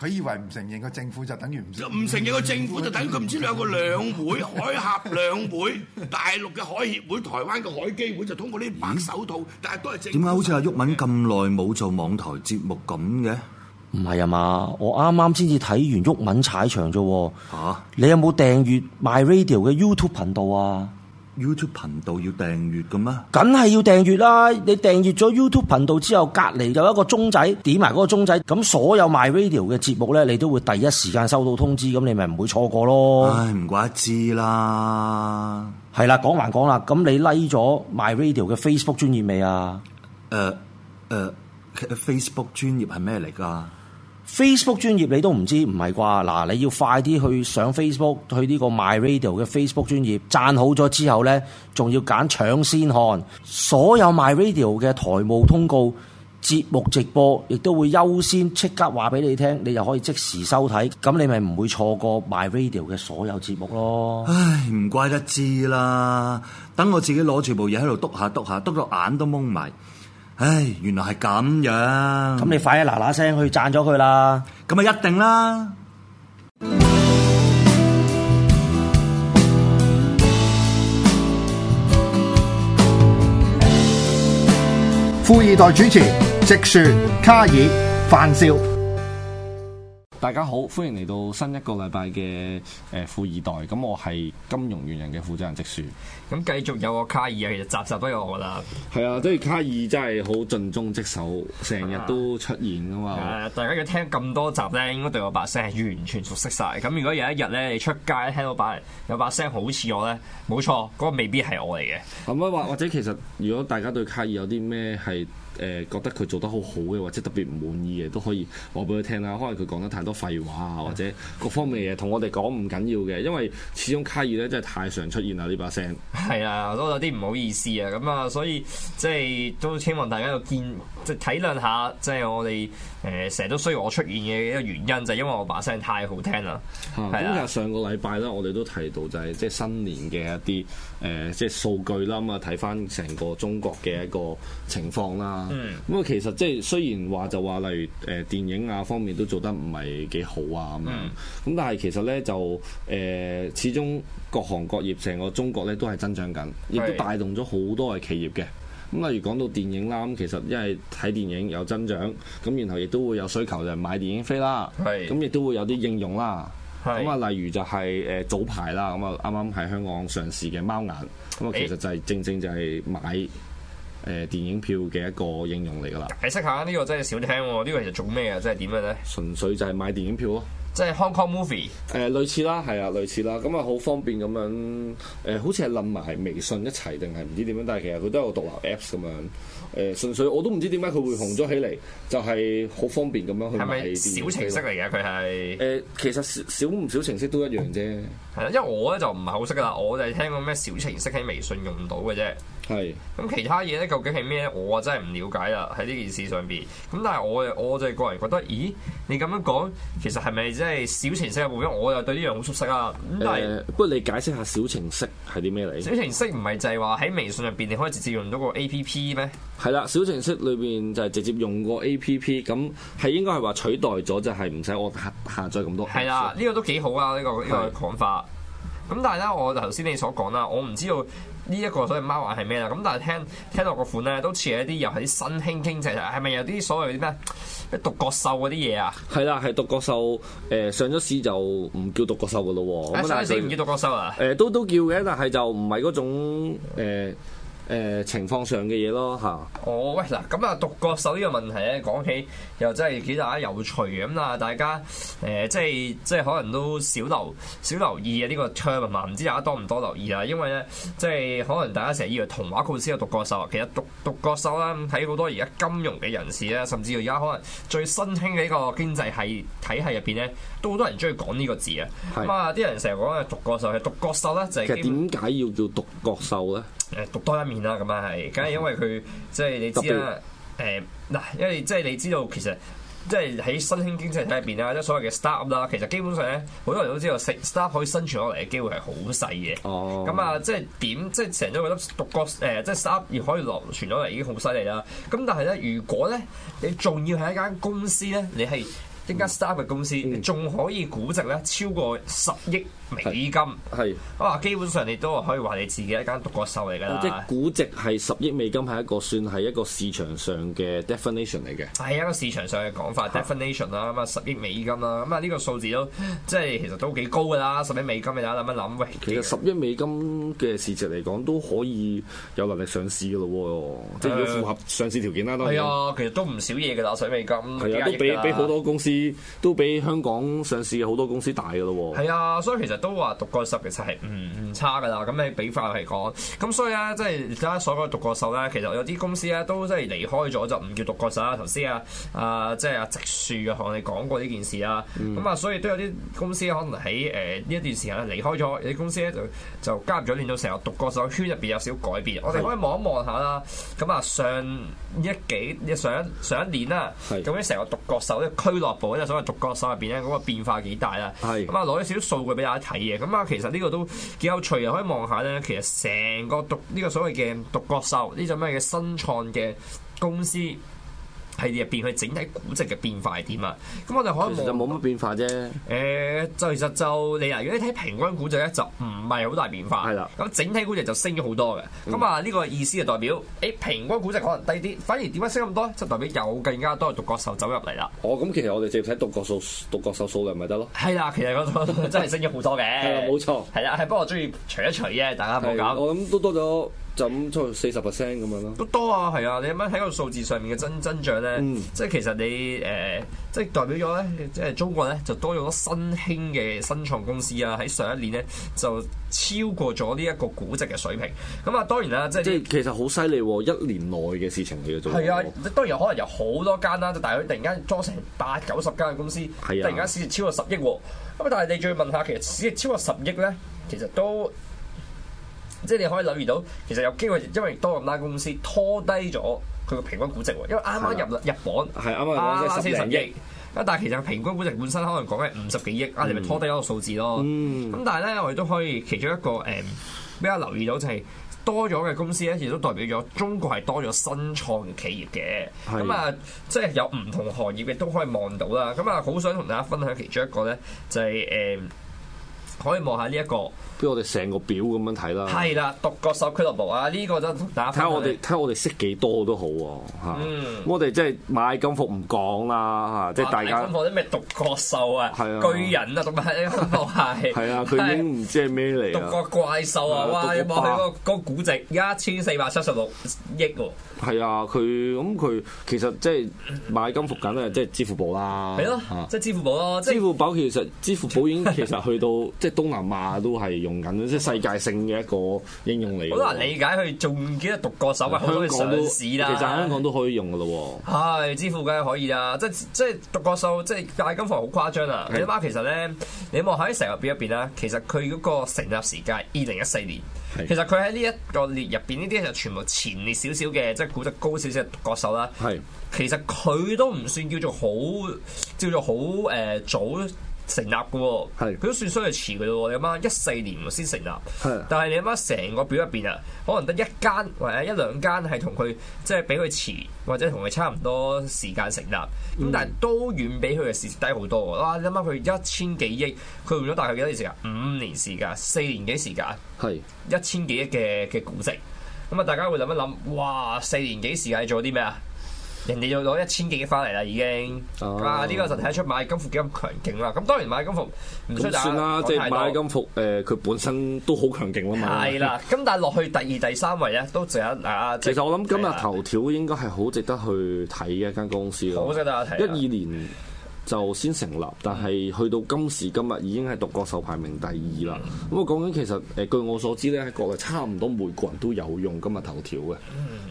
佢以為唔承認個政府就等於唔承認個政，政府就等佢唔知兩個兩會 海峽兩會，大陸嘅海協會、台灣嘅海基會就通過啲白手套，咦但係都係政，點解好似阿毓民咁耐冇做網台節目咁嘅？唔係啊嘛，我啱啱先至睇完毓民踩場啫。嚇、啊！你有冇訂閱 My Radio 嘅 YouTube 頻道啊？YouTube 頻道要訂閱㗎咩？梗係要訂閱啦！你訂閱咗 YouTube 頻道之後，隔離有一個鐘仔，點埋嗰個鐘仔，咁所有 My Radio 嘅節目呢，你都會第一時間收到通知，咁你咪唔會錯過咯。唉，唔怪得知啦。係啦，講還講啦，咁你 like 咗 My Radio 嘅 Facebook 專頁未啊？誒誒、uh, uh，Facebook 專頁係咩嚟㗎？Facebook 專業你都唔知，唔係啩？嗱，你要快啲去上 Facebook，去呢個 My Radio 嘅 Facebook 專業讚好咗之後呢，仲要揀搶先看所有 My Radio 嘅台務通告、節目直播，亦都會優先即刻話俾你聽，你就可以即時收睇，咁你咪唔會錯過 My Radio 嘅所有節目咯。唉，唔怪得知啦，等我自己攞住部嘢喺度篤下篤下，篤到眼都蒙埋。唉，原來係咁樣，咁你快啲嗱嗱聲去讚咗佢啦，咁啊一定啦！富易袋主持，直樹卡爾范少。大家好，歡迎嚟到新一個禮拜嘅誒富易袋。咁我係金融原人嘅負責人直樹。咁繼續有個卡爾啊，其實集集都有我啦。係啊，即係卡爾真係好盡忠職守，成日都出現噶嘛。啊，大家要聽咁多集咧，應該對我把聲係完全熟悉晒。咁如果有一日咧，你出街聽到把有把聲好似我咧，冇錯，嗰個未必係我嚟嘅。咁啊，或或者其實，如果大家對卡爾有啲咩係，誒覺得佢做得好好嘅，或者特別唔滿意嘅都可以話俾佢聽啦。可能佢講得太多廢話啊，或者各方面嘅嘢同我哋講唔緊要嘅，因為始終卡爾咧真係太常出現啦呢把聲。係啊，都有啲唔好意思啊，咁啊，所以即係都希望大家要見即體諒下，即係我哋誒成日都需要我出現嘅一個原因，就係因為我把聲太好聽啦。咁啊，上個禮拜咧，我哋都提到就係即係新年嘅一啲誒即係數據啦，咁啊睇翻成個中國嘅一個情況啦。嗯，咁啊，其實即係雖然話就話，例如誒電影啊方面都做得唔係幾好啊咁樣，咁、嗯、但係其實咧就誒、呃、始終各行各業成個中國咧都係增長緊，亦都帶動咗好多嘅企業嘅。咁例如講到電影啦，咁其實因為睇電影有增長，咁然後亦都會有需求就係買電影飛啦，咁是亦都會有啲應用啦。咁啊是，例如就係誒早排啦，咁啊啱啱喺香港上市嘅貓眼，咁啊其實就係正正就係買誒電影票嘅一個應用嚟㗎啦，解釋下呢、這個真係少聽喎、哦，呢、這個其實做咩啊？即係點嘅咧？純粹就係買電影票咯、哦，即係 Hong Kong Movie，誒、呃、類似啦，係啊類似啦，咁啊好方便咁樣，誒、呃、好似係冧埋微信一齊定係唔知點樣，但係其實佢都有獨立 Apps 咁樣，誒、呃、純粹我都唔知點解佢會紅咗起嚟，就係、是、好方便咁樣去買戲。係咪小程式嚟嘅？佢係誒其實小唔小程式都一樣啫、嗯，係啊，因為我咧就唔係好識㗎啦，我就係聽過咩小程式喺微信用到嘅啫。係，咁其他嘢咧究竟係咩？我真係唔了解啦，喺呢件事上邊。咁但係我我就個人覺得，咦？你咁樣講，其實係咪真係小程式嘅原因？我又對呢樣好熟悉啊！誒、呃，不如你解釋下小程式係啲咩嚟？小程式唔係就係話喺微信入邊你可以直接用到個 A P P 咩？係啦，小程式裏邊就係直接用個 A P P，咁係應該係話取代咗，就係唔使我下下載咁多。係啦，呢個都幾好啊！呢個呢個講法。咁對但係咧，我頭先你所講啦，我唔知道。呢一個所謂貓眼係咩啦？咁但係聽聽落個款咧，都似係一啲又係啲新興傾斜，係咪有啲所謂啲咩咩獨角獸嗰啲嘢啊？係啦，係獨角獸。誒，上咗市就唔叫獨角獸噶咯喎。上咗市唔叫獨角獸啊？誒、呃、都都叫嘅，但係就唔係嗰種、呃誒、呃、情況上嘅嘢咯嚇。哦喂，嗱，咁啊獨角獸呢個問題咧，講起又真係幾大家有趣咁啊！大家誒、呃、即係即係可能都少留少留意啊呢個 term 啊，唔知大家多唔多留意啊？因為咧即係可能大家成日以為童話故事嘅獨角獸，其實獨獨角獸啦，喺好多而家金融嘅人士咧，甚至乎而家可能最新興嘅一個經濟系體系入邊咧，都好多人中意講呢個字啊。咁啊是！啲人成日講係獨角獸，係獨角獸咧就係、是、其實點解要叫獨角獸咧？誒，獨多一面。啦咁啊係，梗係因為佢即係你知啦，誒嗱別、呃，因為即係你知道其實即係喺新興經濟體入邊啦，即所謂嘅 startup 啦，其實基本上咧，好多人都知道，成 startup 可以生存落嚟嘅機會係好細嘅。哦，咁啊，即係點即係成咗覺得獨角，誒，即係 startup 亦可以生存落嚟已經好犀利啦。咁但係咧，如果咧你仲要係一間公司咧，你係。一間 startup 嘅公司，仲、嗯、可以估值咧超過十億美金。係我基本上你都可以話你自己一間獨角獸嚟嘅啦。即係估值係十億美金係一個算係一個市場上嘅 definition 嚟嘅。係一個市場上嘅講法的 definition 啦。咁啊十億美金啦。咁啊呢個數字都即係其實都幾高噶啦。十億美金你大家諗一諗，喂、哎。其實十億美金嘅市值嚟講都可以有能力上市㗎咯喎。即係的符合上市條件啦。都係啊，其實都唔少嘢㗎啦。十億美金係啊、嗯，都俾俾好多公司。都比香港上市嘅好多公司大噶咯喎。係啊，所以其實都話獨角獸其實係唔唔差噶啦。咁你比法嚟講，咁所以咧，即係而家所講嘅獨角獸咧，其實有啲公司咧都即係離開咗就唔叫獨角獸啦。頭先啊啊，即係阿直樹啊，同你哋講過呢件事啊。咁啊，所以都有啲公司可能喺誒呢一段時間咧離開咗，有啲公司咧就就加入咗，令到成個獨角獸圈入邊有少少改變。是的 我哋可以望一望下啦。咁啊，上一幾上一上一年啦，咁啲成個獨角獸咧俱樂部，嗰啲所謂獨角獸入邊咧，嗰個變化幾大啦。係咁啊，攞啲少少數據俾大家睇嘅。咁啊，其實呢個都幾有趣啊，可以望下咧。其實成個獨呢個所謂嘅獨角獸呢種咩嘅新創嘅公司。係入邊，佢整體估值嘅變化係點啊？咁我哋可能就冇乜變化啫。誒、欸，就其實就你啊，如果你睇平均估值咧，就唔係好大變化。係啦的。咁整體估值就升咗好多嘅。咁啊、嗯，呢個意思就代表誒、欸、平均估值可能低啲，反而點解升咁多？就代表又更加多獨角獸走入嚟啦。哦，咁其實我哋淨睇獨角獸獨角獸數量咪得咯。係啦，其實嗰、那、種、個、 真係升咗好多嘅。係啊， 冇錯。係啦，係不過我中意除一除啫，大家冇搞。我諗都多咗。咁就四十 percent 咁樣咯，都多啊，係啊，你有冇睇個數字上面嘅增增長咧？嗯、即係其實你誒、呃，即係代表咗咧，即係中國咧就多咗新興嘅新創公司啊！喺上一年咧就超過咗呢一個估值嘅水平。咁啊，當然啦，即係其實好犀利喎！一年內嘅事情嚟嘅，做係啊，當然可能有好多間啦，但係佢突然間裝成八九十間嘅公司，係啊、突然間市值超過十億、啊。咁啊，但係你仲要問下，其實市值超過十億咧，其實都。即係你可以留意到，其實有機會，因為多咁多公司拖低咗佢個平均估值喎，因為啱啱入的入榜港，係啱啱入十億，啊！但係其實平均估值本身可能講緊五十幾億，嗯、啊！你咪拖低一個數字咯。咁、嗯、但係咧，我哋都可以其中一個誒比較留意到、就是，就係多咗嘅公司咧，亦都代表咗中國係多咗新創企業嘅。咁啊的，即係有唔同行業亦都可以望到啦。咁啊，好、嗯、想同大家分享其中一個咧，就係、是、誒、嗯、可以望下呢一個。俾我哋成個表咁樣睇啦，係啦，獨角獸俱樂部啊，這個、大家呢個、啊嗯、就，打翻。睇我哋睇我哋識幾多都好喎，嚇！我哋即係螞蟻金服唔講啦，嚇！即係大家螞蟻金服啲咩獨角獸啊，是啊巨人啊，咁啊都係。 啊，佢已經唔知係咩嚟。獨角怪獸啊！啊哇，有冇佢個嗰個估值一千四百七十六億喎。係啊，佢咁佢其實即係螞蟻金服緊即係支付寶啦、啊。係咯、 啊，即、就、係、是、支付寶咯、啊。 支付寶其實支付寶已經其實去到即係、就是、東南亞都係用用緊即係世界性嘅一個應用嚟、啊嗯，好難理解佢仲記得獨角獸多啊、嗯！香港上市啦，其實香港都可以用噶咯、啊哎，係支付梗係可以啦。即即獨角獸，即大金房好誇張啊！阿媽是的 其實咧，你望喺成入表入邊啦，其實佢嗰個成立時間二零一四年，是的 其實佢喺呢一個列入邊，呢啲就全部前列少少嘅，即估值高少少嘅獨角獸啦。係是的 其實佢都唔算叫做好，叫做好誒、呃、早，成立嘅喎，佢都是的 算衰佢遲㗎咯，你諗下，一四年先成立，是的 但係你諗下成個表入邊啊，可能得一間或者一兩間係同佢即係俾佢遲，或者同佢差唔多時間成立，咁但係都遠比佢嘅市值低好多。哇、啊！你諗下，佢一千幾億，佢用咗大概幾多年時間？五年時間，四年幾時間？係是的 一千幾億嘅嘅估值，咁、嗯、啊大家會諗一諗，哇！四年幾時間係做啲咩啊？人哋又攞一千幾億翻嚟啦，已經。哦、啊，呢、就睇得出買金服幾咁強勁啦。咁當然買金服唔算啦，即係買金服誒，佢、呃、本身都好強勁吖嘛。係啦 。咁但係落去第二、第三位咧，都仲有啊。就是、其實我諗今日頭條應該係好值得去睇嘅一間公司咯。好，多得大家睇。一二年。就先成立，但係去到今時今日已經係獨角獸排名第二啦。咁啊講緊其實誒，據我所知咧，喺國內差唔多每個人都有用今日頭條嘅。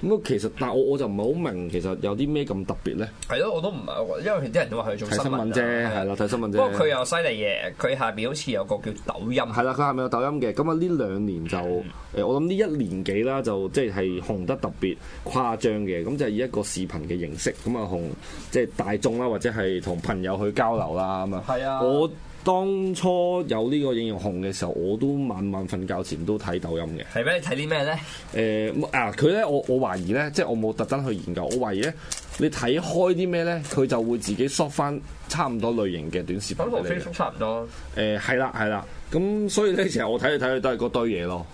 咁其實但係我我就唔係好明，其實有啲咩咁特別咧？係咯，我都唔係，因為啲人都話佢做新聞啫，係啦，睇新聞啫。了聞不過佢又犀利嘢，佢下邊好似有個叫抖音。係啦，佢下面有抖音嘅。咁啊，呢兩年就誒，嗯、我諗呢一年幾啦，就即、係、係紅得特別誇張嘅。咁就係以一個視頻嘅形式，咁啊，紅即係大眾啦，或者係同朋友。有去交流啦咁啊！我當初有呢個應用紅嘅時候，我都晚晚瞓覺前都睇抖音嘅。係咩？你睇啲咩咧？誒、欸、啊！佢咧，我我懷疑咧，即、就、係、是、我冇特登去研究，我懷疑咧，你睇開啲咩咧，佢就會自己縮翻差唔多類型嘅短視頻嚟。同 Facebook 差唔多。誒係啦係啦，咁、嗯嗯、所以咧，成日我睇嚟睇去都係嗰堆嘢咯。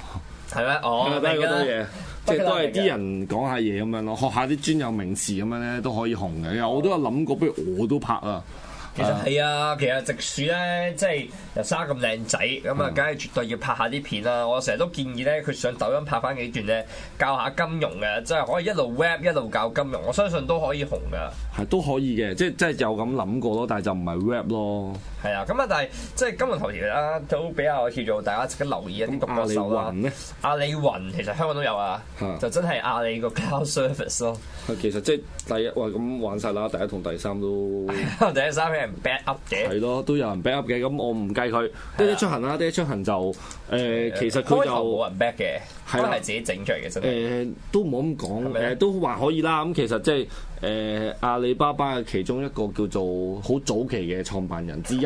係咩？哦，都係嗰堆嘢。 即係都係啲人講下嘢咁樣咯，學下啲專有名詞咁樣咧都可以紅嘅。因為我都有諗過，不如我都拍啊！其實係啊，其實直樹咧，即係又生咁靚仔，咁啊，梗係絕對要拍下啲片啦。嗯、我成日都建議咧，佢上抖音拍翻幾段咧，教下金融嘅，即係可以一路 rap 一路教金融，我相信都可以紅噶。係都可以嘅，即係即係有咁諗過咯，但係就唔係 rap 咯。係啊，咁啊，但係即係今日投資咧，都比較叫做大家值得留意一啲獨角獸啦。阿里雲咧，阿里雲其實香港都有啊，的就真係阿里個 Cloud Service 咯。其實即係第一，喂，咁玩晒啦，第一同第三都。 第一、三咩人 back up 嘅？係咯，都有人 back up 嘅，咁我唔計佢。第的一出行啦、啊，第一出行就誒，其實佢就冇人 back 嘅，都係自己整出嚟嘅，真係。都冇咁講，誒，都還可以啦。咁其實即係。誒、呃、阿里巴巴嘅其中一個叫做好早期嘅創辦人之一，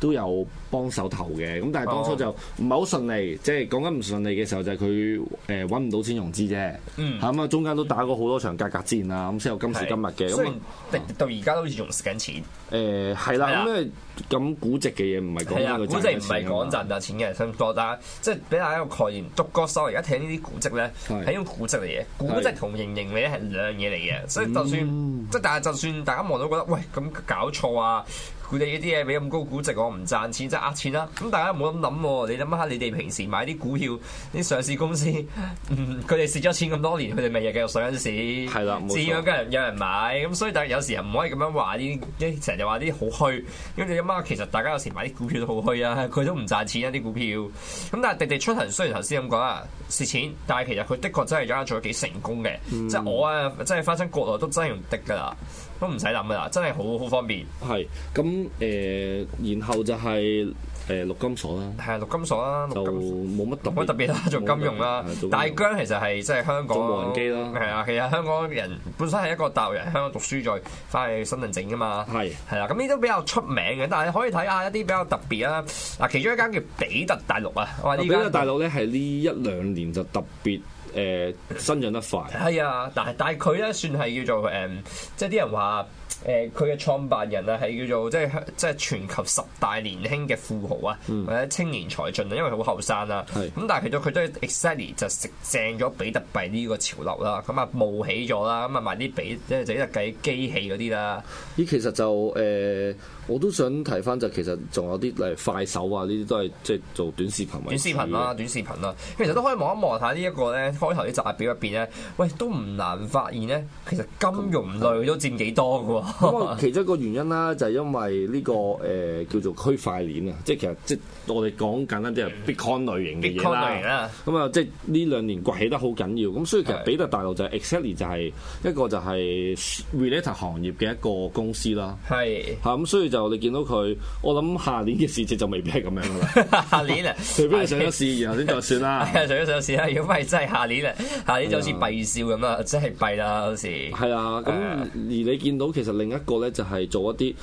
都有。幫手投嘅，咁但係當初就唔係好順利，哦、即係講緊唔順利嘅時候就係佢誒搵唔到錢融資啫，吓，咁啊中間都打過好多場價格，格戰啦，咁先有今時今日嘅，咁的樣到而家都好似仲蝕緊錢。誒係啦，咁啊咁估值嘅嘢唔係講呢個，估值唔係講賺大錢嘅，差唔多。但係即係俾大家一個概念，竹篙收而家睇呢啲估值咧，係一種估值嚟嘅。估值同盈利嘅咧係兩樣嘢嚟嘅，所以就算即係但係就算大家望到覺得喂，咁搞錯啊，佢哋呢啲嘢俾咁高估值，我唔賺錢。呃錢啦，咁大家唔好咁諗，想想你諗下你哋平時買啲股票，啲上市公司，佢哋蝕咗錢咁多年，佢哋咪日繼續上市，係啦，自然有人有人買。咁所以但係有時又唔可以咁樣話啲，啲成日話啲好虛，因為你諗下，其實大家有時買啲股票都好虛啊，佢都唔賺錢啊啲股票。咁但係滴滴出行雖然頭先咁講啦蝕錢，但係其實佢的確真係而家做得幾成功嘅，嗯、即係我啊，真係翻身國內都真係用得㗎。都唔使諗啊！真係好好方便。係咁誒，然後就係誒陸金所啦。係、呃、啊，陸金所啦，金啦就冇乜冇乜特別啦，特別做金融啦。融啦大疆其實係即係香港做無人機啦，係啊，其實香港人本身係一個大陸人，香港讀書再翻去深圳整㗎嘛。係係啦，咁呢都比較出名嘅。但係你可以睇下一啲比較特別啦。嗱，其中一間叫比特大陸啊。比特大陸咧係呢一兩年就特別。誒生長得快，係 啊！但係但係佢咧算係叫做誒、嗯，即係啲人話誒，佢嘅創辦人啊係叫做即係即係全球十大年輕嘅富豪啊，或者青年才俊啊，因為佢好後生啊。咁，是的 但係其實佢都係 exactly 就食正咗比特幣呢個潮流啦，咁啊冒起咗啦，咁啊賣啲比即係整日計機器嗰啲啦。咦，其實就誒、呃，我都想提翻就其實仲有啲誒快手啊，呢啲都係即係做短視頻、短視頻、啊、短視頻啦、短視頻啦。其實都可以望一望下呢一個咧。開頭啲集額表入邊咧，喂都唔難發現咧，其實金融類都佔幾多嘅喎。咁、嗯、啊，其中一個原因啦，就係因為呢、這個誒、呃、叫做區塊鏈啊，即、就、係、是、其實即係我哋講簡單啲，即係 Bitcoin 類型嘅嘢啦。咁啊、嗯，即係呢兩年崛起得好緊要。咁所以其實比特大陸就係 exactly 就係一個就係 Relator 行業嘅一個公司啦。係嚇咁，所以就你見到佢，我諗下年嘅市情就未必係咁樣嘅啦。下年啊，除非你上咗市，然後先就算啦。係啊，笑 上咗上市啦，如果唔係真係下年。下啲就好似閉笑咁啊，真係的閉啦嗰時。係啊的，咁、嗯、而你見到其實另一個咧，就係做一啲，例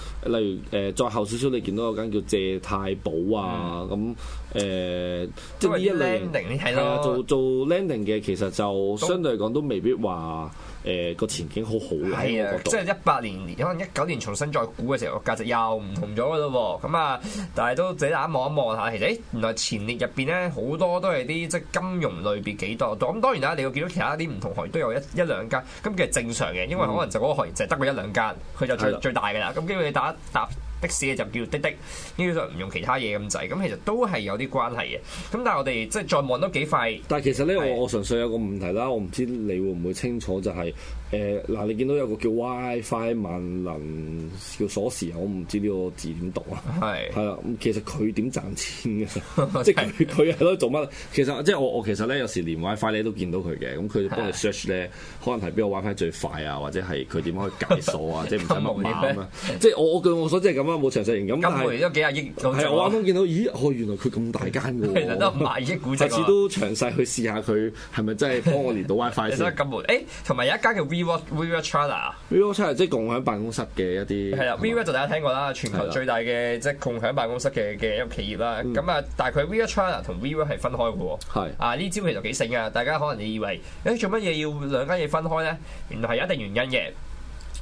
如誒再後少少，你見到有間叫借貸寶啊，咁誒、嗯，即係呢一類型係做做 landing 嘅，其實就相對嚟講都未必話。誒個前景好好嘅，係啊，即係一八年，可能一九年重新再估嘅時候，個價值又唔同咗嘅咯喎。咁啊，但係都大家望一望下，其實原來前列入面咧，好多都係啲即係金融類別幾多。咁當然啦，你會見到其他啲唔同行業都有一一,一兩間，咁其實正常嘅，因為可能就嗰個行業淨得嗰一兩間，佢就最是的 最大嘅啦。咁基本上你打答。打的士就叫滴滴，呢個就唔用其他嘢咁滯，咁其實都係有啲關係嘅。咁但係我哋即係再望都幾快。但係其實咧，我我純粹有個問題啦，我唔知你會唔會清楚就係、是。誒嗱、呃，你見到有個叫 WiFi 萬能叫鎖匙我唔知呢個字點讀啊。係係啦，咁其實佢點賺錢嘅？即係佢喺度做乜？其實， 他 其實即係我我其實咧有時連 WiFi 你都見到佢嘅，咁佢幫你 search 咧，是可能係邊個 WiFi 最快啊？或者係佢點樣去解鎖啊？ 即係唔使密碼咁啊！即係我我據我所知係咁啊，冇詳細型咁。金門都幾啊億左右左右。我啱啱見到，咦？哦，原來佢咁大間㗎喎。都 五啊億估值。次都詳細去試下佢係咪真係幫我連到 WiFi 先。真係 金門同埋、欸、有，有一間叫 V WeWork China 啊 WeWork China 即係共享辦公室嘅一啲係啦 WeWork 就大家聽過啦，全球最大嘅是的 即係共享辦公室嘅嘅一個企業啦。咁啊，但係佢 WeWork China 同 WeWork 係分開嘅喎。啊，呢招其實幾醒嘅。大家可能你以為誒、欸、做乜嘢要兩間嘢分開咧？原來係有一定原因嘅。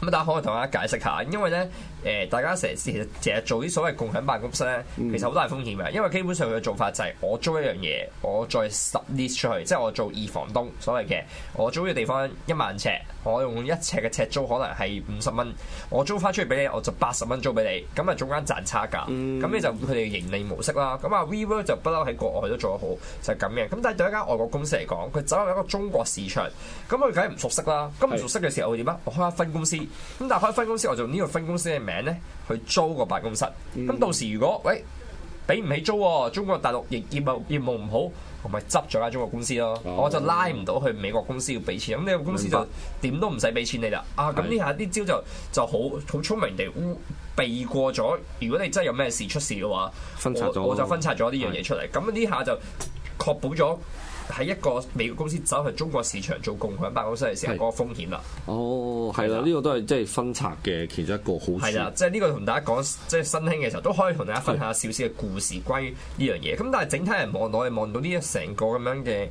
咁大家可以同大家解釋下，因為咧誒、呃，大家成日成日做啲所謂共享辦公室咧，其實好大風險嘅，因為基本上佢嘅做法就係我租一樣嘢，我再 sublease 出去，即係我做二房東，所謂嘅我租呢個地方一萬尺。我用一尺嘅尺租可能係五十蚊，我租翻出去俾你，我就八十蚊租俾你，咁啊中間賺差價，咁你、嗯、就佢哋盈利模式啦。咁啊 WeWork 就不嬲喺國外都做得好，就係咁嘅。咁但係對一間外國公司嚟講，佢走入一個中國市場，咁佢梗係唔熟悉啦。咁唔熟悉嘅時候會點啊？我開分公司，咁但係開分公司，我就用呢個分公司嘅名咧去租個辦公室。咁到時如果喂俾唔起租、哦，中國大陸業務業務唔好。我咪執咗間中國公司咯，oh。我就拉唔到去美國公司要俾錢，咁呢個公司就點都唔使俾錢你啦。白啊，咁呢下啲招就就好好聰明地避過咗。如果你真係有咩事出事嘅話分拆咗我，我就分拆咗呢樣嘢出嚟，咁呢是下就確保咗。喺一個美國公司走去中國市場做共享辦公室嘅時候，嗰個風險啦。哦，係啦、啊，呢、啊、個都係即係分拆嘅其中一個好處。係啦，即係呢個同大家講，即係新興嘅時候，都可以同大家分享下少少嘅故事關於呢樣嘢。咁是但係整體人望落去，望到呢一成個咁樣嘅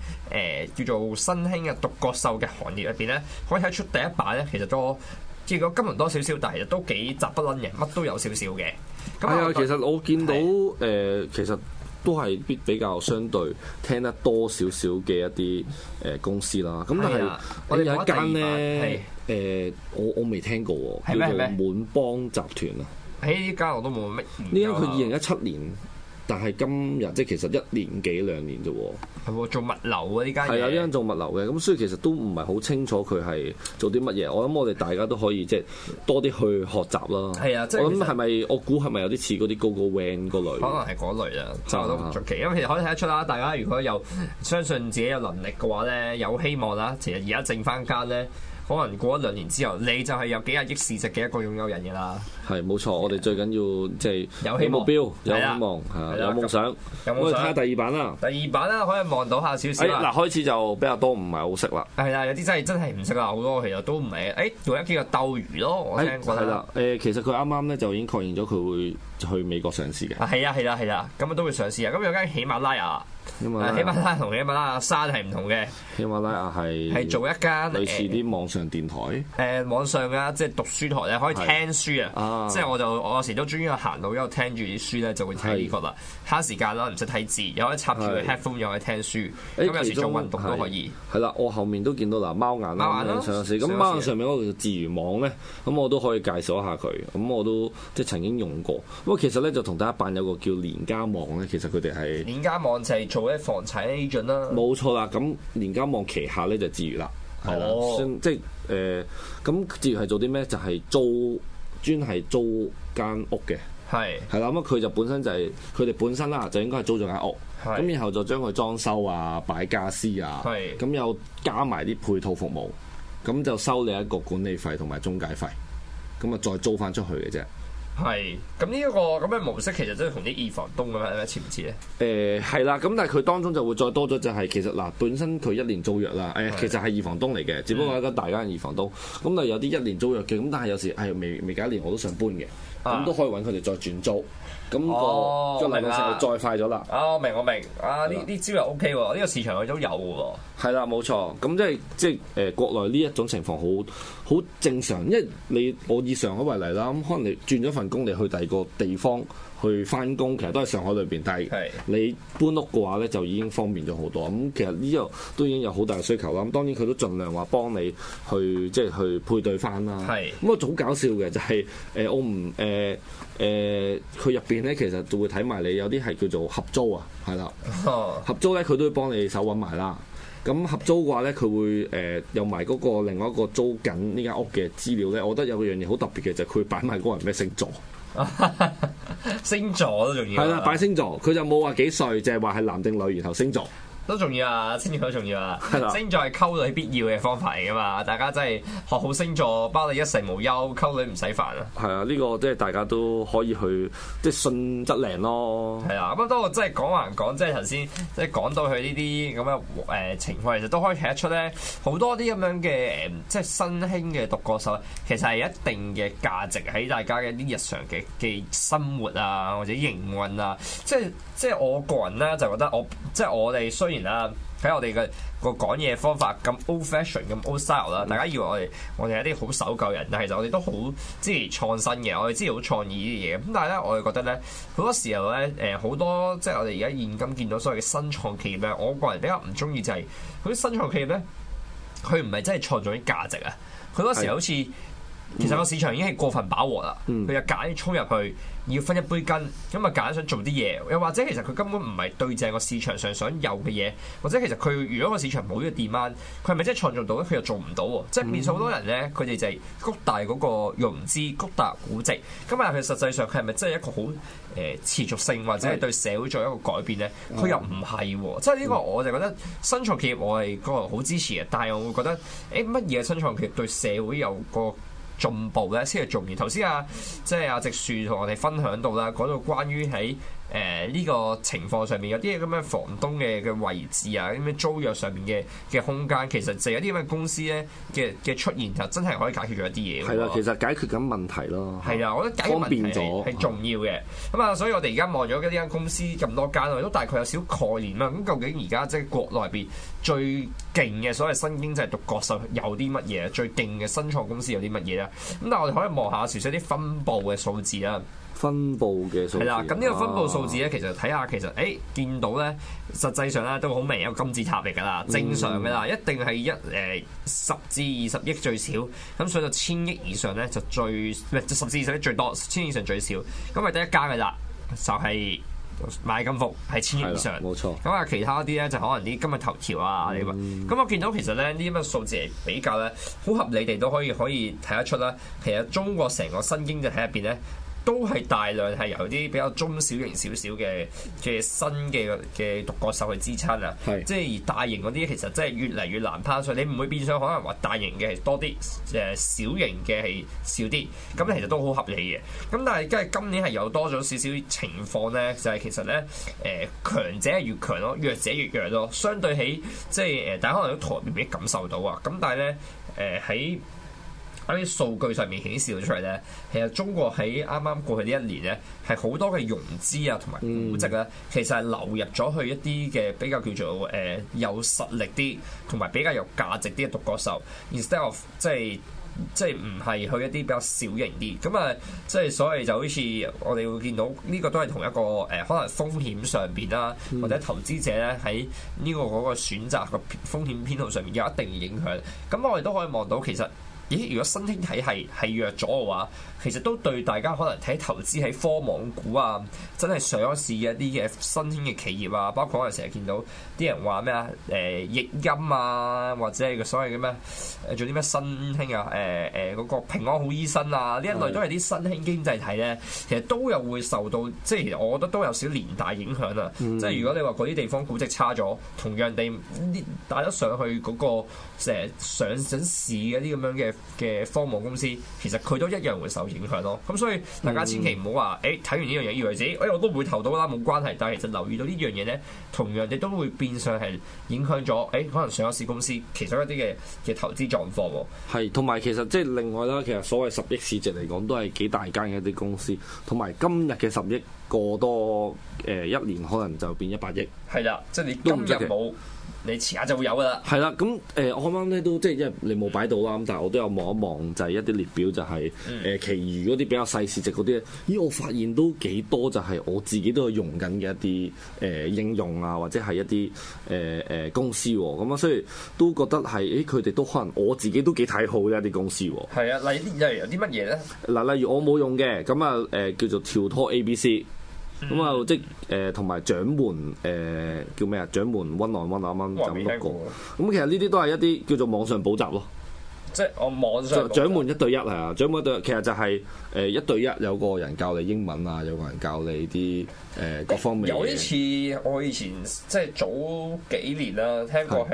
誒叫做新興嘅獨角獸嘅行業入邊咧，可以睇出第一版咧，其實都即係個金融多少少，但係其實都幾雜不撚倫嘅，乜都有少少嘅。咁係啊，其實我見到誒是、呃，其實。都係啲比較相對聽得多少少嘅一啲誒公司啦，咁的但係我哋有一間咧誒、呃，我我未聽過喎，嗎叫做滿邦集團啊，喺呢間我都冇乜，呢間佢二零一七年。但係今日即係其實一年幾兩年啫喎，係喎做物流嘅呢間，係啊呢間做物流嘅，咁所以其實都唔係好清楚佢係做啲乜嘢。我諗我哋大家都可以即係多啲去學習啦。係啊，即係我諗係咪？我估係咪有啲似嗰啲 Google Way 嗰類，可類？可能係嗰類啊，就都唔奇，的因為其實可以睇得出啦，大家如果有相信自己有能力嘅話咧，有希望啦。其實而家剩翻家咧，可能過一兩年之後，你就係有幾廿億市值嘅一個擁有人嘅啦。係冇錯，我哋最緊要即係有起目標、有希望、係有夢想。有冇睇下第二版啦。第二版啦，可以望到下少少嗱，開始就比較多唔係好識啦。係啦，有啲真係真係唔識啊！好多其實都唔係。誒，仲有幾個鬥魚咯。我聽過。係啦，誒，其實佢啱啱咧就已經確認咗佢會去美國上市嘅。係啊，係啊，係啊，咁啊都會上市啊。咁有間喜馬拉雅，喜馬拉雅同喜馬拉雅山係唔同嘅。喜馬拉雅係係做一間類似啲網上電台。誒，網上噶，即係讀書台咧，可以聽書啊。啊、即係我就我有時都中意行路，一路聽住啲書咧，就會聽呢個啦，慳是時間啦，唔使睇字，又可以插住 headphone，又可以聽書，咁中有時做運動都可以。係啦，我後面都見到嗱貓眼啦，上上咁貓眼上面嗰個自如網咧，咁我都可以介紹一下佢，咁我都即係曾經用過。不過其實咧就同大家扮有個叫鏈家網咧，其實佢哋係鏈家網就係做一房產 agent 啦。冇錯啦，咁鏈家網旗下咧就自如啦，係啦、哦，即係誒咁自如係做啲咩？就係、是、租。專係租間屋嘅，係係啦，咁佢就本身就係佢哋本身啦，就應該係租咗間屋，咁然是後就將佢裝修啊、擺傢俬啊，咁又是加埋啲配套服務，咁就收你一個管理費同埋中介費，咁啊再租翻出去嘅啫。係，咁呢一個咁嘅模式其實都係同啲二房東咁樣似唔似咧？誒，係啦、呃，咁但係佢當中就會再多咗就係、是、其實嗱、呃，本身佢一年租約啦，誒、哎，其實係二房東嚟嘅，只不過一間大間二房東，咁啊有啲一,一年租約嘅，咁但係有時係、哎、未未隔一年我都想搬嘅，咁都可以揾佢哋再轉租。啊咁個個嚟嘅時候再快咗啦！啊，我明我明啊，呢呢、啊、招又 OK 喎，呢個市場佢都有嘅喎。係啦，冇錯，咁即係即係誒，國內呢一種情況好好正常，因為你我以上海為例啦，咁可能你轉咗份工，你去第二個地方。去翻工，其實都係上海裏邊，但係你搬屋嘅話咧，就已經方便咗好多。咁、嗯、其實呢度都已經有好大嘅需求啦。咁、嗯、當然佢都盡量話幫你去即係去配對翻啦。咁啊係、嗯，好搞笑嘅就係、是、誒、呃、我唔誒誒佢入邊咧，其實就會睇埋你有啲係叫做合租啊，係啦、oh。嗯，合租咧佢都會幫你手揾埋啦。咁合租嘅話咧，佢會誒有埋嗰個另外一個租緊呢間屋嘅資料咧。我覺得有個樣嘢好特別嘅就係佢擺埋嗰個人咩星座。 星座都還仲要係啦擺星座，佢就冇話幾歲，淨係話係男定女，然後星座。都重要啊！星座都重要啊！的星座係溝女必要嘅方法嚟噶嘛？大家真係學好星座，包你一世無憂，溝女唔使煩啊！係啊，呢、這個即係大家都可以去，即、就、係、是、信則靈咯。係啊，咁不過即係講還講，即係頭先即係講到佢呢啲咁嘅誒情況，其實都可以睇得出咧，好多啲咁樣嘅誒即係新興嘅獨角獸其實係一定嘅價值喺大家嘅啲日常嘅嘅生活啊，或者營運啊，即係即係我個人咧就覺得，我即係我哋雖然。啦，喺我哋嘅個講嘢方法咁 old fashion、咁 old style 啦，大家以為我哋我哋係一啲好守舊人，但係其實我哋都好支持創新嘅，我哋支持好創意啲嘢。咁但係咧，我哋覺得咧，好多時候咧，誒好多即係我哋而家現今見到所謂嘅新創企業，我個人比較唔中意就係嗰啲新創企業咧，佢唔係真係創造啲價值啊！佢好多時候好似～其實個市場已經係過分飽和啦，佢就揀衝入去，要分一杯羹咁啊！揀想做啲嘢，又或者其實佢根本唔係對正個市場上想有嘅嘢，或者其實佢如果個市場冇呢個 demand，佢係咪真係創造到？佢又做唔到喎，即係變咗好多人咧，佢哋就係谷大嗰個融資、谷大估值。咁啊，其實實際上佢係咪真係一個好誒、呃、持續性或者係對社會做一個改變咧？佢、嗯、又唔係喎，即係呢個我就覺得新創企業我係嗰個人好支持嘅，但係我會覺得誒乜嘢新創企業對社會有個。進步咧，先係重點。頭先啊，即係阿直樹同我哋分享到啦，講到關於喺。誒，呃，呢個情況上面有啲嘢咁樣，房東嘅嘅位置啊，咁咩租約上面嘅嘅空間，其實就係有啲咁嘅公司咧嘅嘅出現，就真係可以解決咗一啲嘢。係啦，其實解決緊問題咯。係啊，我覺得解決問題係重要嘅。咁啊，所以我哋而家望咗呢間公司咁多間都大概有少概念啦。咁究竟而家即係國內邊最勁嘅所謂新經濟獨角獸有啲乜嘢？最勁嘅新創公司有啲乜嘢咧？咁但係我哋可以望下，少少啲分佈嘅數字啦。分布嘅數，係啦，咁呢個分布數字咧，其實睇下其實，誒、欸、見到咧，實際上咧都好明顯，有金字塔嚟噶啦，正常噶啦，嗯、一定係一誒十、呃、至二十億最少，咁上到千億以上咧就最十至二十億最多，千億以上最少，咁係第一家噶啦，就係、是、買金服係千億以上，冇錯。咁啊，其他啲咧就可能啲今日頭條啊，咁、嗯、我見到其實咧呢啲乜數字比較咧，好合理地都可以可以睇得出啦。其實中國成個新經濟喺入邊咧。都係大量係由啲比較中小型少少嘅嘅新嘅嘅獨角獸去支撐啦，是即係而大型嗰啲其實真係越嚟越難攀上，你唔會變相可能話大型嘅係多啲，誒小型嘅係少啲，咁其實都好合理嘅。咁但係即係今年係有多咗少少情況咧，就係、是、其實咧誒強者越強咯，弱者越弱咯。相對起即係誒、呃，大家可能都台面面感受到啊。咁但係咧誒喺。呃喺啲數據上面顯示咗出嚟咧，其實中國喺啱啱過去呢一年咧，係好多嘅融資啊，同埋估值咧，其實係流入咗去一啲嘅比較叫做誒有實力啲，同埋比較有價值啲嘅獨角獸，instead of 即係即係唔係去一啲比較小型啲咁啊。即係所謂就好似我哋會見到呢個都係同一個誒，可能風險上邊啦，或者投資者咧喺呢個嗰個選擇個風險偏好上面有一定影響。咁我哋都可以望到其實。咦，如果新興體系係弱咗嘅話，其實都對大家可能睇投資喺科網股啊，真係上市一啲嘅新興嘅企業啊，包括我哋成日見到啲人話咩啊，誒、呃、易鑫啊，或者係個所謂嘅咩做啲咩新興啊，誒誒嗰個平安好醫生啊，呢一類都係啲新興經濟體咧，其實都有會受到，即係我覺得都有少少連帶影響啊。嗯、即係如果你話嗰啲地方估值差咗，同樣地，啲帶得上去嗰、那個誒、呃、上市嘅啲咁樣嘅嘅科網公司，其實佢都一樣會受影響咯，咁所以大家千祈唔好話，誒、欸、睇完呢樣嘢以為自己，誒、欸、我都唔會投到啦，冇關係。但係其實留意到呢樣嘢咧，同樣你都會變相係影響咗，誒、欸、可能上市公司其中一啲嘅嘅投資狀況喎。係，同埋其實即係另外啦，其實所謂十億市值嚟講，都係幾大間嘅一啲公司，同埋今日嘅十億過多，誒、呃、一年可能就變一百億。係啦，即係你今日冇。你遲下就會有噶啦。係啦，咁誒、呃，我啱啱咧都即係因為你冇擺到啦，咁、嗯、但係我都有望一望，就係一啲列表就係、是、誒，嗯、其餘嗰啲比較細市值嗰啲，咦，我發現都幾多，就係我自己都有用緊嘅一啲誒、呃、應用啊，或者係一啲誒誒公司喎，咁啊，所以都覺得係，誒佢哋都可能我自己都幾睇好嘅一啲公司喎、啊。係啊，例如有啲乜嘢咧？嗱，例如我冇用嘅，咁啊誒叫做跳拖 ABC。咁啊，嗯嗯、即係誒同埋掌門誒、呃、叫咩啊？掌門 one on one 啱啱有聽過。咁、嗯、其實呢啲都係一啲叫做網上補習咯。即係我網上掌門一對一係啊，掌門一對一，其實就係、是、誒、呃、一對一有個人教你英文啊，有個人教你啲誒、呃、各方面。有一次我以前即係早幾年啦、啊，聽過喺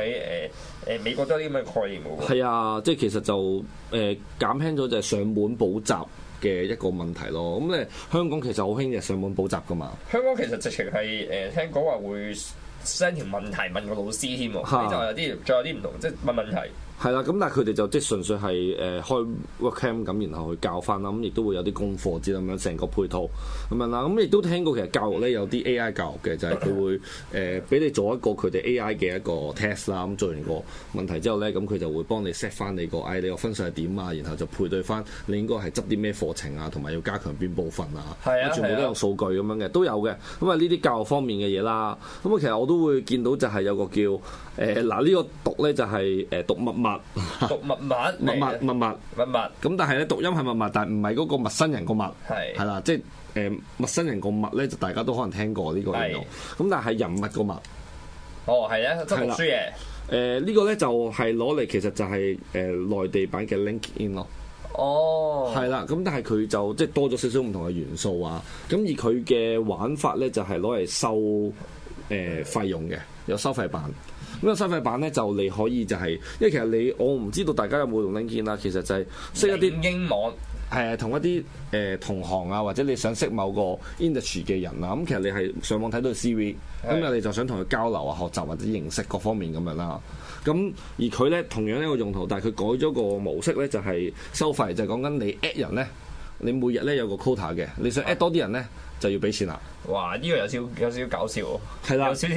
誒誒美國都有啲咁嘅概念喎。係啊，即係其實就誒、呃、減輕咗就係上門補習。嘅一個問題咯，咁咧香港其實好興嘅上門補習噶嘛。香港其實直情係誒聽講話會 send 條問題問個老師添，哈 你就有啲仲有啲唔同，即係問問題。係啦，咁但係佢哋就即係純粹係誒開 workcam 咁，然後去教翻啦，咁亦都會有啲功課之類咁樣，成個配套咁樣啦。咁亦都聽過其實教育咧有啲 AI 教育嘅，就係、是、佢會誒俾、 呃、你做一個佢哋 AI 嘅一個 test 啦。咁做完個問題之後咧，咁佢就會幫你 set 翻你個，誒、哎、你個分數係點啊，然後就配對翻你應該係執啲咩課程啊，同埋要加強邊部分啊。係啊的，全部都有數據咁樣嘅，的的都有嘅。咁啊呢啲教育方面嘅嘢啦，咁啊其實我都會見到就係有個叫誒嗱呢個讀咧就係誒讀物。脈讀脈脈脈脈脈脈，咁但係咧讀音係脈脈，但係唔係嗰個陌生是人個陌，係係啦，即係誒陌生人個陌咧，就大家都可能聽過呢個嘢，咁但係人脈個脈，哦係咧，讀書嘢，誒呢個咧就係攞嚟其實就係誒內地版嘅 LinkedIn 咯、哦，哦係啦，咁但係佢就即係多咗少少唔同嘅元素啊，咁而佢嘅玩法咧就係攞嚟收誒費、呃、用嘅，有收費版。咁個收費版咧就你可以就係、是，因為其實你我唔知道大家有冇用 LinkedIn 其實就係識一啲英網，係同、呃、一啲誒、呃、同行啊，或者你想識某個 industry 嘅人啊，咁、嗯、其實你係上網睇到 CV，咁是、嗯、你就想同佢交流啊、學習、啊、或者認識各方面咁樣啦、啊。咁、嗯、而佢咧同樣一個用途，但係佢改咗個模式咧，就係、是、收費，就係講緊你 add 人咧，你每日咧有個 quota 嘅，你想 add 多啲人咧。嗯就要俾錢啦！哇，呢個有少有少搞笑喎，係啦，有少少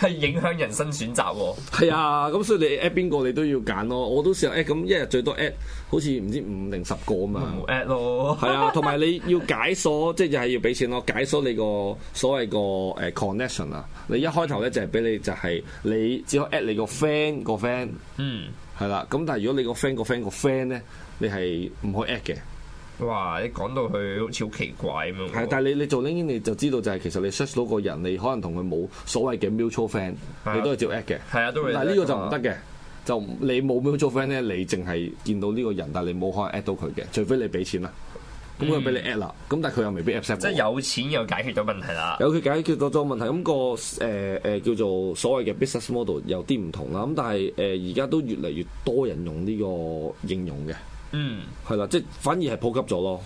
係 影響人生選擇喎。係啊，咁所以你 at 邊個你都要揀咯。我都試下 at，咁一日最多 at 好似唔知五零十個啊嘛。at 咯，係啊，同埋你要解鎖，即係就係要俾錢咯。解鎖你個所謂個誒 connection 啊，你一開頭咧就係俾你，就係你只可 at 你個 friend，個 friend 個 friend。嗯，係啦，咁但係如果你個 friend，個 friend 個 friend 個 friend 咧，你係唔可以 at 嘅。哇！你講到佢好似好奇怪咁樣。係，但係你你做 LinkedIn 你就知道就係其實你 search 到個人，你可能同佢冇所謂嘅 mutual friend、啊、你都係照 at 嘅。係啊，啊，都係。但係呢個就唔得嘅，就你冇 mutual friend 咧，你淨係見到呢個人，但係你冇可能 at 到佢嘅，除非你俾錢啦。咁佢俾你 at 啦，咁但係佢又未必 accept，即係有錢又解決咗問題啦。有佢解決到咗問題，咁、嗰個誒誒、呃呃、叫做所謂嘅 business model 有啲唔同啦。咁但係誒而家都越嚟越多人用呢個應用嘅。嗯，係啦，即係反而係普及咗咯，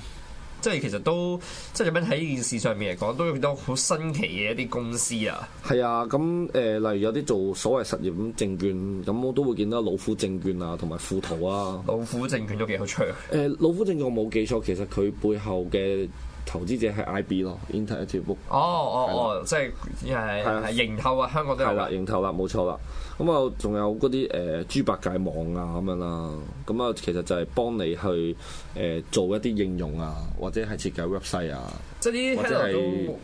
即係其實都即係點樣喺呢件事上面嚟講，都有好多好新奇嘅一啲公司啊。係、嗯、啊，咁誒、呃，例如有啲做所謂實業咁證券，咁我都會見到老虎證券啊，同埋富途啊。老虎證券都幾好出。誒、呃，老虎證券我冇記錯，其實佢背後嘅。投資者係 IB 咯，Internet Book 哦哦哦，即係係係營頭啊，香港都係啦，營頭啦，冇錯啦。咁啊，仲有嗰啲誒豬八戒網啊咁樣啦。咁啊，其實就係幫你去誒做一啲應用啊，或者係設計 website 啊，即係啲或者係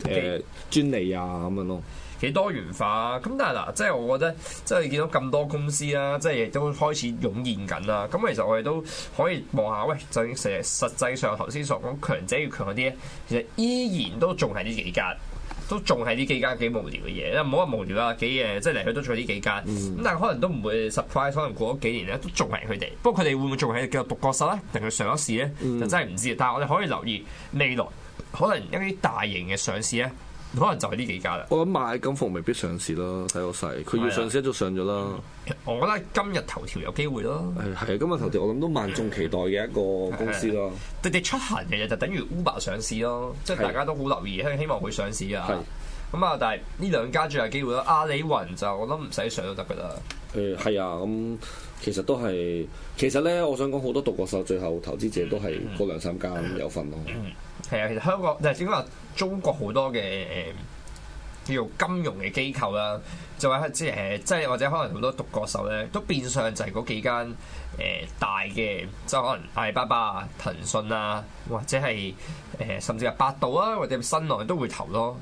誒專利啊咁樣咯。幾多元化咁，但係嗱，即係我覺得，即係你見到咁多公司啦，即係亦都開始湧現緊啦。咁其實我哋都可以望下，喂，就已經成日，實際上頭先所講強者要強嗰啲咧，其實依然都仲係呢幾間，都仲係呢幾間幾間無聊嘅嘢。唔好話無聊啦，幾嘢即係嚟去都仲係呢幾間。咁、嗯、但係可能都唔會 surprise，可能過咗幾年咧都仲係佢哋。不過佢哋會唔會仲係繼續獨角獸咧，定係上咗市咧，嗯、就真係唔知。但係我哋可以留意未來可能一啲大型嘅上市咧。可能就係呢幾家啦。我諗買金服未必上市咯，睇我細。佢要上市一早上咗啦。我覺得今日頭條有機會咯。係 今日頭條我諗都萬眾期待嘅一個公司咯。滴滴出行日日就等於 Uber 上市咯，即係大家都好留意，希望佢上市啊。咁的啊，但係呢兩家最有機會咯。阿里雲就我諗唔使上都得噶啦。誒係啊，咁、嗯、其實都係。其實咧，我想講好多獨角獸，最後投資者都係嗰兩三間有份咯。嗯嗯嗯。係啊，其實香港就點講？中國好多嘅誒，叫做金融嘅機構啦，就一即誒，即係或者可能好多獨角獸咧，都變相就係嗰幾間大嘅，即係可能阿里巴巴啊、騰訊啊，或者係誒甚至係百度啊，或者新浪都會投咯。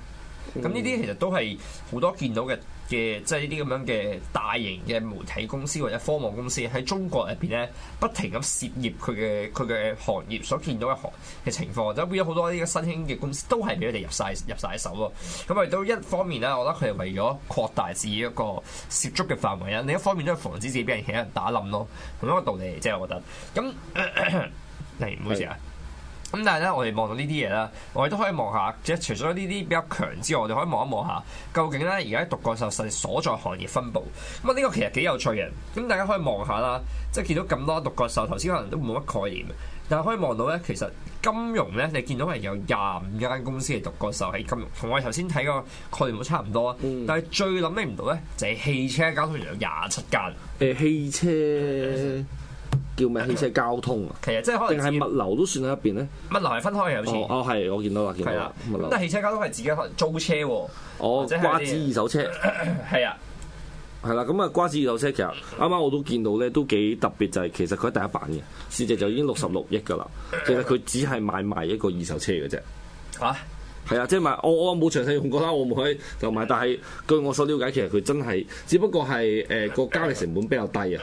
咁呢啲其實都係好多見到嘅。嘅即係呢啲咁樣嘅大型嘅媒體公司或者科網公司喺中國入邊咧，不停咁涉業佢嘅佢嘅行業所見到嘅行嘅情況，就變咗好多呢啲新興嘅公司都係俾佢哋入晒入曬手咯。咁亦都一方面咧，我覺得佢係為咗擴大自己一個涉足嘅範圍啊。另一方面都係防止自己俾人起人打冧咯。咁樣一個道理嚟，即係我覺得。咁嚟唔好意思啊。咁但係咧，我哋望到呢啲嘢啦，我哋都可以望下，即係除咗呢啲比較強之外，我哋可以望一望下，究竟咧而家獨角獸實在所在行業分佈。咁啊，呢個其實幾有趣嘅。咁大家可以望下啦，即係見到咁多獨角獸，頭先可能都冇乜概念，但係可以望到咧，其實金融咧，你見到係有廿五間公司嘅獨角獸喺金融，同我哋頭先睇個概念都差唔多。嗯、但係最諗起唔到咧，就係汽車交通業有廿七間。誒、欸，汽車。叫咩？汽車交通啊，其實即係可能定係物流都算喺入邊咧。物流係分開嘅，好似哦，係我見到啦，見到啦。咁但係汽車交通係自己可能租車喎。哦，瓜子二手車係啊，係啦。咁啊，瓜子二手車其實啱啱我都見到咧，都幾特別，就係其實佢係第一版嘅市值就已經六十六億㗎啦。其實佢只係買賣一個二手車嘅啫。嚇，係啊，即係買我我冇詳細用過啦，我唔可以就買。但係據我所了解，其實佢真係只不過係誒個交易成本比較低啊。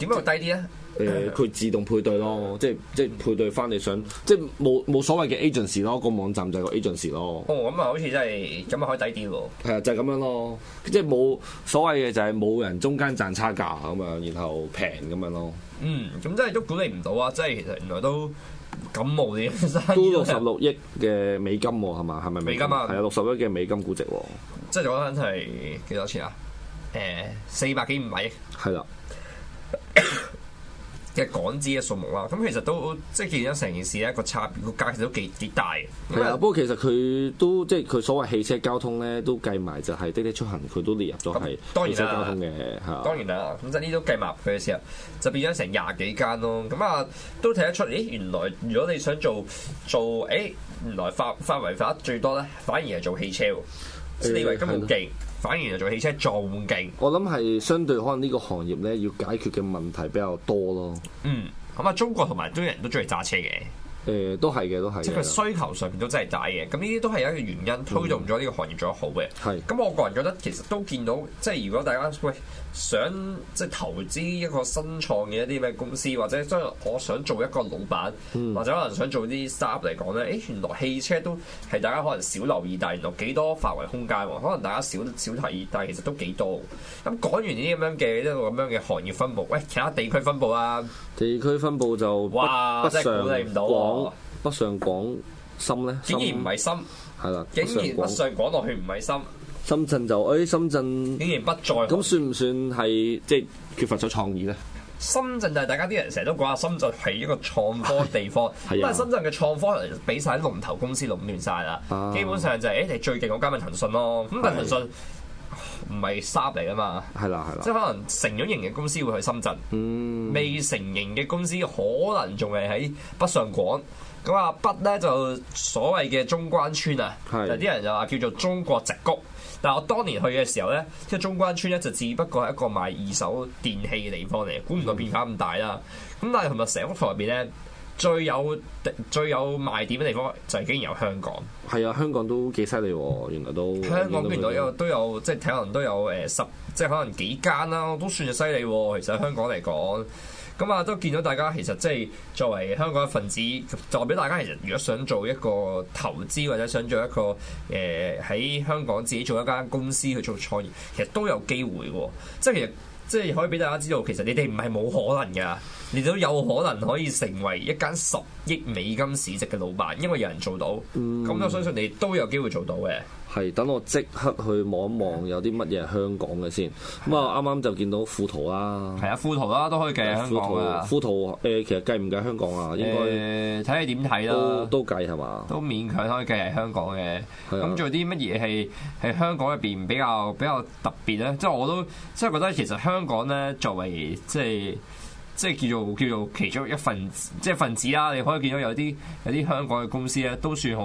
點解會低啲啊？誒，佢 嗯、自動配對咯，即係即係配對返你想，即係冇冇所謂嘅 agency 咯，個網站就係個 agency 咯。哦，咁啊，好似真係咁啊，可以抵啲喎。係啊，就係咁樣咯，即係冇所謂嘅，就係冇人中間賺差價咁樣，然後平咁樣咯。嗯，咁即係都管理唔到啊！即係其實原來都咁無聊。都六十六億嘅美金喎，係嘛？係咪美，美金啊？係啊，六十六億嘅美金估值，即係總體係幾多錢啊？誒、呃，四百幾五萬米。係啦的。 嘅港資嘅數目啦，咁其實都即係見咗成件事咧，一個差別個價差都幾幾大嘅。係啊，不過其實佢都即係佢所謂汽車交通咧，都計埋就係滴滴出行，佢都列入咗係汽車交通嘅。係啊、嗯，當然啦，咁真係呢都計埋佢嘅時候，就變咗成廿幾間咯。咁、嗯、啊，都睇得出，咦？原來如果你想做做，誒、欸，原來範範圍法最多咧，反而係做汽車喎，你、嗯、以為根本勁？嗯嗯反而就做汽車撞勁，做我諗係相對可能呢個行業咧要解決嘅問題比較多咯。嗯，咁、嗯、啊、嗯，中國同埋中國人都中意揸車嘅，誒、嗯，都係嘅，都係。即係需求上面都真係大嘅，咁呢啲都係一個原因推動咗呢個行業做得好嘅。係、嗯，咁我個人覺得其實都見到即係如果大家去。喂想即係投資一個新創嘅一啲咩公司，或者將我想做一個老闆，嗯、或者可能想做啲 s t a r t 嚟講咧，誒、欸、原來汽車都係大家可能少留意，但原來幾多範圍空間喎？可能大家少少提議，但其實都幾多。咁講完呢啲咁樣嘅一個咁樣嘅行業分佈，喂，其他地區分佈啊？地區分佈就不哇，真係管理唔到。北上廣深咧，深竟然唔係深，係啦的，竟然北上廣落去唔係深。深圳就誒，深圳竟然不在咁，算唔算係即係缺乏咗創意咧？深圳就係大家啲人成日都講啊，深圳係一個創科地方，但係深圳嘅創科係俾晒喺龍頭公司壟斷晒啦。基本上就誒，你最近嗰間咪騰訊咯。咁騰訊唔係沙嚟㗎嘛，係啦係啦。即係可能成咗型嘅公司會去深圳，未成型嘅公司可能仲係喺北上廣。咁啊北咧就所謂嘅中關村啊，有啲人就話叫做中國直谷。但係我當年去嘅時候咧，即係中關村咧就只不過係一個賣二手電器嘅地方嚟，估唔到變化咁大啦。咁但係同埋成屋房入邊咧，最有最有賣點嘅地方就係竟然有香港。係啊、嗯，香港都幾犀利喎，原來都香港見到有都有即係可能都有誒十，即係可能幾間啦，都算係犀利喎。其實香港嚟講。咁啊，都見到大家其實即係作為香港一份子，代表大家其實如果想做一個投資或者想做一個誒喺、呃、香港自己做一間公司去做創業，其實都有機會嘅。即係其實即係可以俾大家知道，其實你哋唔係冇可能噶，你都有可能可以成為一間十億美金市值嘅老闆，因為有人做到。咁我相信你都有機會做到嘅。係，等我即刻去望一望，有啲乜嘢係香港嘅先。咁啊的，啱啱就見到富途啦。係啊，富途啦，都可以計香港啊。富途誒、呃，其實計唔計香港啊？應該，誒，睇、欸、你點睇啦。都都計係嘛？都勉強可以計係香港嘅。咁仲的有啲乜嘢係係香港入邊比較比較特別咧？即係我都即係覺得其實香港咧作為即係即係叫做叫做其中一份即係、就是、份子啦。你可以見到有啲有啲香港嘅公司咧，都算好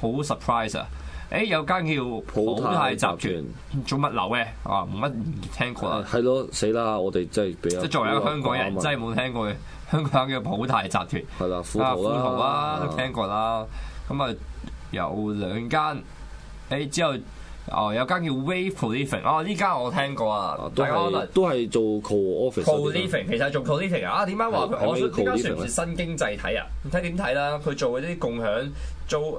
好 surprise 啊！誒，有間叫普泰集團做乜流嘅？啊，唔乜唔聽過啊。係咯，死啦！我哋真係比較即係作為一個香港人，真係冇聽過嘅。香港嘅普泰集團係啦，啊，富途啊，聽過啦。咁啊，有兩間，誒之後，哦，有間叫 Weave Co-living，啊，呢間我聽過啊，都係都係做 Co-Office。Co-living 其實做 Co-living 啊？點解話我呢間算唔算新經濟體啊？唔睇點睇啦，佢做嗰啲共享，租誒嘅、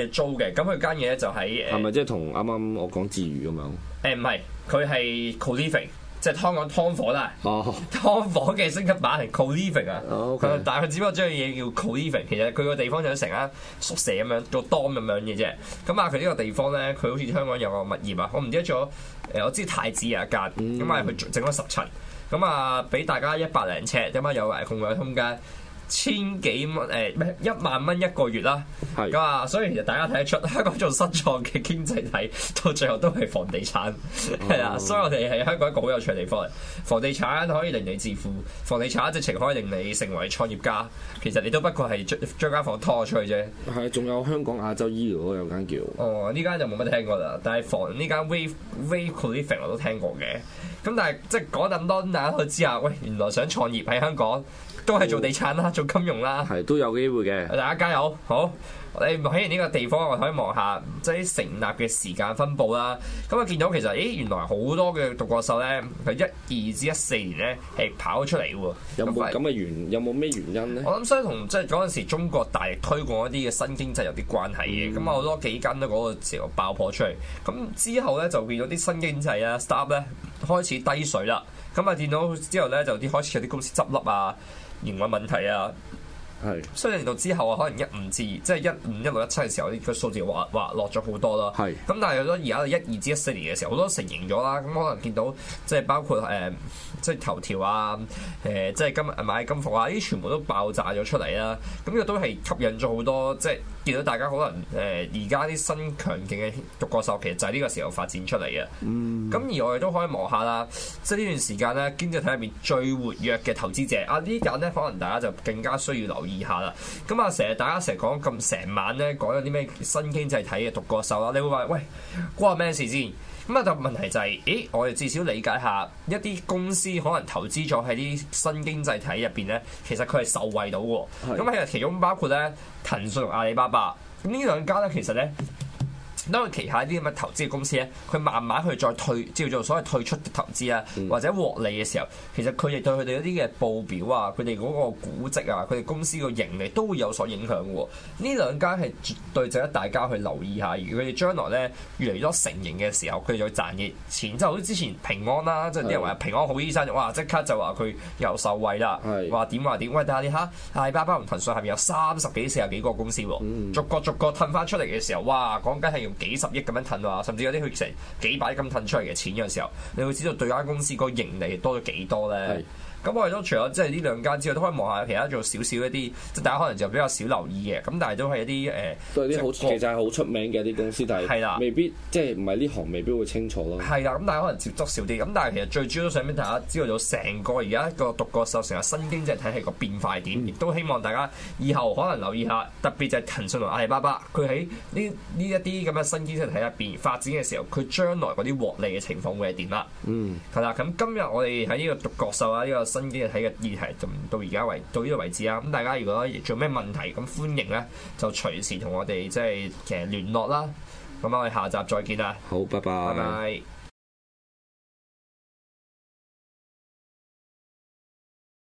呃、租嘅，咁佢間嘢咧就喺、是、誒。係咪即係同啱啱我講自如咁樣？誒唔係，佢係 co-living，即係香港劏房啦。哦、oh.，劏房嘅升級版係 co-living 啊。Oh, okay. 嗯、但係佢只不過將嘢叫 co-living，其實佢個地方就成間宿舍咁樣，做 dorm 咁樣嘅啫。咁啊，佢呢個地方咧，佢好似香港有個物業啊，我唔記得咗。誒、呃，我知太子有一間、mm. 嗯，咁啊，佢整咗十層，咁、嗯、啊，俾大家一百零尺，咁啊，有埋共享空間。千幾蚊誒？咩？一萬蚊一個月啦。咁啊，所以其實大家睇得出香港做新創嘅經濟體，到最後都係房地產係啊。所以我哋係香港一個好有趣嘅地方嚟。房地產可以令你致富，房地產直情可以令你成為創業家。其實你都不過係將將間房拖出去啫。係，仲有香港亞洲醫療嗰兩間叫哦，呢間就冇乜聽過啦。但係房呢間 Wave Wave Living 我都聽過嘅。咁但係即係講咁多，大家都知下。喂，原來想創業喺香港。都係做地產啦，做金融啦，係都有機會嘅。大家加油！好，我哋喺呢個地方，我可以望下即係成立嘅時間分佈啦。咁啊，見到其實，咦，原來好多嘅獨角獸咧，佢一二至一四年咧係跑出嚟嘅喎。有冇咁嘅原？有冇咩原因咧？我諗應該同即係嗰陣時中國大力推廣一啲嘅新經濟有啲關係嘅。咁啊、嗯，好多基金咧嗰個時候爆破出嚟。咁之後咧就變咗啲新經濟啊 stop 咧開始低水啦。咁啊，見到之後咧就啲開始有啲公司執笠啊。營運問題啊，係，所以嚟到之後啊，可能一五至即係一五、一六、一七嘅時候，呢個數字滑滑落咗好多啦。係，咁但係咁而家一二至一四年嘅時候，好多成形咗啦。咁可能見到即係包括誒、呃，即係頭條啊，誒、呃，即係金買金服啊，呢啲全部都爆炸咗出嚟啦。咁亦都係吸引咗好多即係。見到大家可能誒，而家啲新強勁嘅獨角獸，其實就係呢個時候發展出嚟嘅。咁、嗯、而我哋都可以望下啦，即係呢段時間咧，經濟體入面最活躍嘅投資者啊，呢啲人咧，可能大家就更加需要留意下啦。咁啊成日大家成日講咁成晚咧，講咗啲咩新經濟體嘅獨角獸啦，你會話喂，關我咩事先？咁啊，但問題就係、是，誒，我哋至少理解一下一啲公司可能投資咗喺啲新經濟體入邊咧，其實佢係受惠到喎。咁其實其中包括咧，騰訊同阿里巴巴，咁呢兩家咧，其實咧。當佢旗下啲咁嘅投資公司咧，佢慢慢去再退，叫做所謂退出投資啊，或者獲利嘅時候，其實佢哋對佢哋嗰啲嘅報表啊，佢哋嗰個估值啊，佢哋公司個盈利都會有所影響嘅。呢兩間係絕對值得大家去留意下，而佢哋將來咧越嚟越多成形嘅時候，佢就會賺嘅錢。即係好似之前平安啦，即係啲人話平安好醫生，哇！即刻就話佢又受惠啦，話點話點？喂，睇下你嚇阿里巴巴同騰訊下邊有三十幾、四十幾個公司，的嗯、逐個逐個褪翻出嚟嘅時候，哇！講緊係。幾十億咁樣褪啊，甚至有啲佢成幾百億咁褪出嚟嘅錢嘅時候，你會知道對間公司個盈利多咗幾多咧？咁我哋都除咗即係呢兩間之外，都可以望下其他做少少一啲，即係大家可能就比較少留意嘅。咁但係都係一啲誒，呃、播其實係好出名嘅一啲公司，但係未必的即係唔係呢行未必會清楚咯。係啦，咁但係可能接觸少啲。咁但係其實最主要都想畀大家知道咗成個而家個獨角獸成個新經濟體係個變化點。嗯、亦都希望大家以後可能留意下，特別就係騰訊同阿里巴巴，佢喺呢呢一啲咁嘅新經濟體入面發展嘅時候，佢將來嗰啲獲利嘅情況會係點啦。嗯，係啦。咁今日我哋喺呢個獨角獸啊呢個。新經濟體嘅議題到，到到而家為到呢度為止啊！咁大家如果仲有咩問題，咁歡迎咧，就隨時同我哋即係其實聯絡啦。咁我哋下集再見啦！好，拜拜。拜拜。